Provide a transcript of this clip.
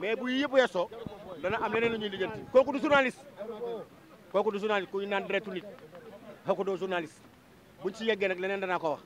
mais bu yëpp weesoo dana am leneen lu ñuy kooku du journaliste kooku du journaliste kuy naan deretu nit kooku doo journaliste buñ ci yeggee nag leneen danaa ko wax